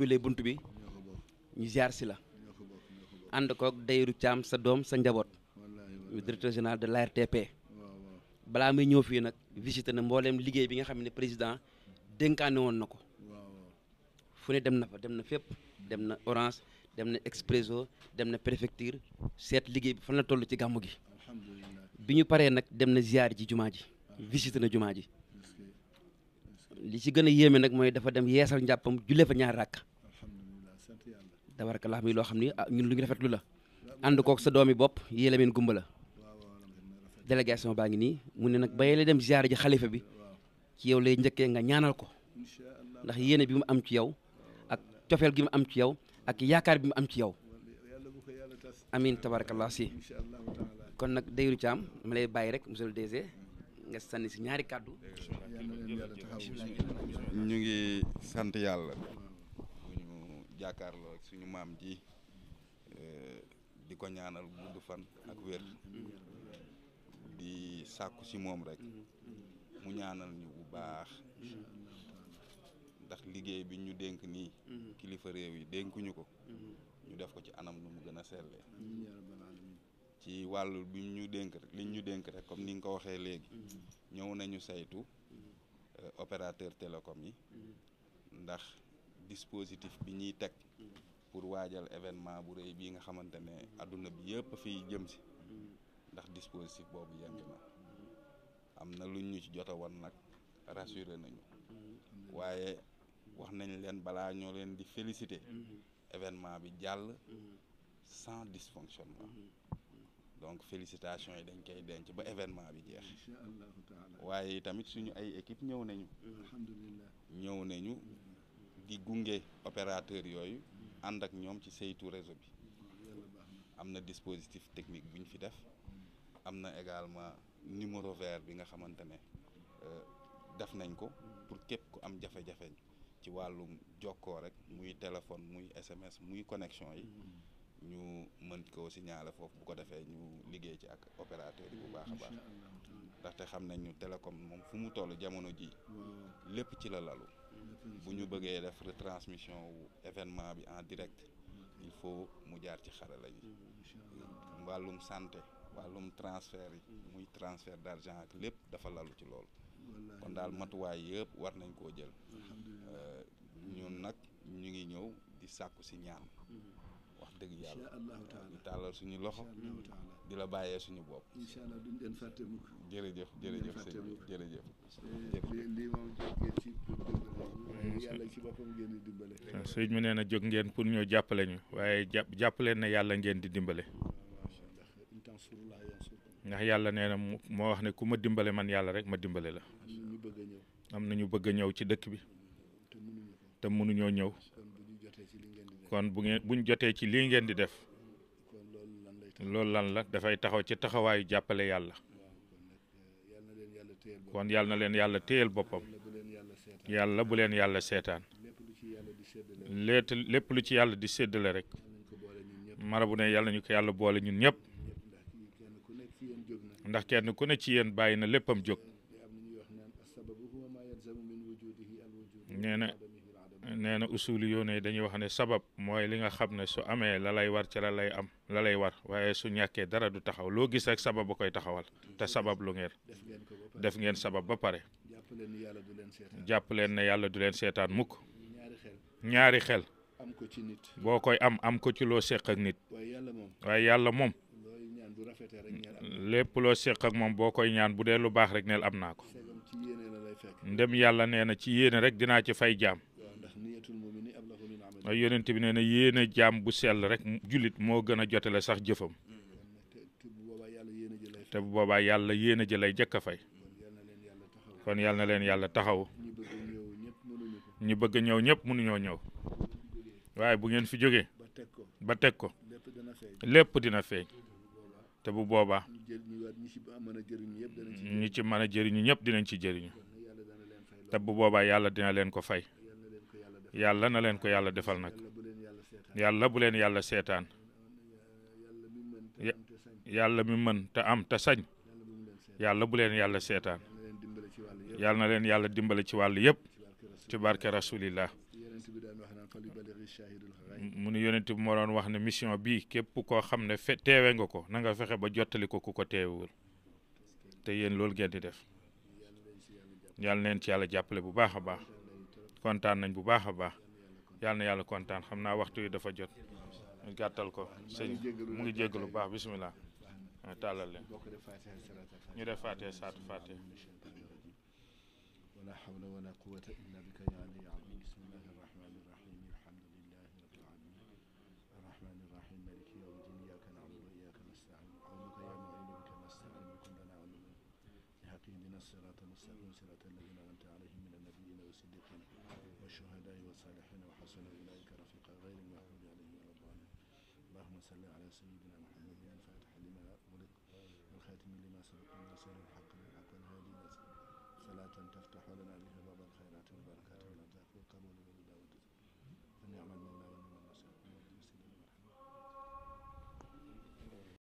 ubbilee bunt bi ñu ziar si la ànd koog dayru caam sa doom sa njaboot ñu directeur de l'ARTP balaa muy ñëw fii nag visité na mbooleem liggéey bi nga xam ne président dénkaane woon na ko fu ne dem na fa dem na fépp dem na Orange dem na Expresso dem na préfecture seet liggéey bi fan la toll ci gàmmu gi bi ñu paree nag dem na ziar ji jumaa ji visité na jumaa ji li ci gën a yéeme nag mooy dafa dem yeesal njàppam julee fa ñaar rakk tabarakallah muy loo xam ni ah, ñun lu ñu rafetlu la ànd kook sa doomi bopp yéela meen gumba la délégation baa ngi nii mu ne nag bayee la dem ziar ji xalifa bi ci yow lay njëkkee nga ñaanal ko ndax yéene bi mu am ci yow ak cofeel gi mu am ci yow ak yaakaar bi mu am ci yow amin tabarakallah si kon nag dayru caam ma lay bàyyi rek monsieur le DG nga sanni si ñaari kàddu ñu ngi sant yàlla jàkkaarloo ak suñu maam ji eh, di ko ñaanal gudd fan ak wér di sàkku ci moom rek mu ñaanal ñu bu baax ndax liggéey bi ñu dénk nii kilifa réew yi dénkuñu ko ñu def ko ci anam nu mu gën a sellee ci wàllu bi ñu dénk rek liñ ñu dénk rek comme ni nga ko waxee léegi ñëw nañu saytu eh, opérateur télécom yi ndax dispositif bi ñuy teg pour waajal événement bu rëy bii nga xamante ne adduna bi yëpp fiy jëm si ndax dispositif boobu yemb na am na lu ñu ci jota woon nag rassuré nañu waaye wax nañ leen balaa ñoo leen di féliciter événement bi jàll sans dysfonctionnement donc félicitations yi dañ koy denc ba événement bi jeex waaye tamit suñu ay équipe ñëw nañu ñëw nañu di gunge opérateur yooyu ànd ak ñoom ci saytu réseau bi am na dispositif technique bu ñu fi def am na également numéro vert bi nga xamante ne euh, def nañ ko pour képp ku am jafe-jafe ci wàllum jokkoo rek muy téléphone muy SMS muy connexion yi ñu mën koo signaler foofu bu ko defee ñu liggéey ci ak opérateur yi bu baax a baax ndaxte xam nañ ñu télécom moom fu mu toll jamono ji lépp ci la lalu bu ñu bëggee ref retransmission wu événement bi en direct il faut mu jaar ci xarala yi wàllum santé wàllum transfert yi muy transfert d'argent ak lépp dafa lalu ci lool kon daal matuwaay yëpp war nañ koo jël euh, ñun nag ñu ngi ñëw di sàkku si ñaan mm-hmm. dëgg yàlla incha suñu loxo. di la bàyyee suñu bopp. incha jërëjëf jërëjëf sëñ bi jërëjëf. Eh, lii moom jóg ngeen ci pour ah, ngeen pour ñoo jàppale ñu waaye jàpp jàpp leen ne yàlla ngeen di dimbale. Ah, ndax yàlla nee na moo wax ne ku ma dimbale man yàlla rek ma dimbale la. am na ñu bëgg a ñëw ci dëkk bi. te mënuñoo ñëw. kon bu ngeen buñ jotee ci lii ngeen di def loolu lan la dafay taxaw ci taxawaayu jàppale yàlla kon eh, yàlla na leen yàlla téyel boppam yàlla bu leen yàlla seetaan léet lépp lu ci yàlla di séddale rek marabu ne yàlla ñu ko yàlla boole ñun ñëpp ndax kenn ku ne ci yéen bàyyi na léppam jóg nee nee na usul yoon yi dañuy wax ne sabab mooy li nga xam ne su amee la lay war ci la lay am la lay war waaye su ñàkkee dara du taxaw loo gis rek sabab ba koy taxawal te sabab lu ngeen def ngeen sabab ba pare jàpp leen ne yàlla du leen seetaan mukk ñaari xel boo koy am am ko ci loo seq ak nit waaye yàlla moom lépp loo seq moom boo koy ñaan bu dee lu baax rek neel am naa ko ndem yàlla nee na ci yéene rek dinaa ci fay jaam yonent bi nee na yéene jaam bu sell rek jullit moo gën a jotale sax jëfam te bu boobaa yàlla yéene ji lay jëkk a fay kon yàlla na leen yàlla taxaw ñu bëgg ñëw ñëpp mënuñoo ñëw waaye bu ngeen fi jógee ba teg ko lépp dina feeñ te bu boobaa ñi ci mën a jëriñu ñëpp dinañ ci jëriñu te bu boobaa yàlla dina leen ko fay yàlla na leen ko yàlla defal nag yàlla bu leen yàlla seetaan yàlla mi mën te am te sañ yàlla bu leen yàlla seetaan yàlla na leen yàlla dimbale ci wàll yëpp ci barke rasulillah mu nu yonent bi moo doon wax ne mission bii képp koo xam ne fe nga ko nanga nga fexe ba jottali ko ku ko teewewul te yéen loolu ngeen di def yàlla neen ci yàlla jàppale bu baax a baax kontaan nañ bu baax a baax yàlla na yàlla kontaan xam naa waxtu yi dafa jot ñu gàttal ko sëñ mu ngi jéggalu bu baax bisimilah tàllal leen ñu def faatee saatu faatee ولا حول ولا قوة إلا بك يا علي عظيم بسم الله الرحمن الرحيم الحمد لله رب العالمين الرحمن الرحيم مالك يوم الدين إياك نعبد وإياك نستعين قولك يا معين بك نستعين وكن لنا علما بحق اهدنا الصراط المستقيم صراط الذين أنعمت عليهم من النبيين والشهداء والصالحين وحسن أولئك رفيقا غير المحمود عليهم ولا الضالين اللهم صل على سيدنا محمد الفاتح لما أغلق والخاتم لما سبق ناصر الحق بالحق والهادي صلاة تفتح لنا بها باب الخيرات والبركات والأرزاق والقبول والدعوة فليعمل مولانا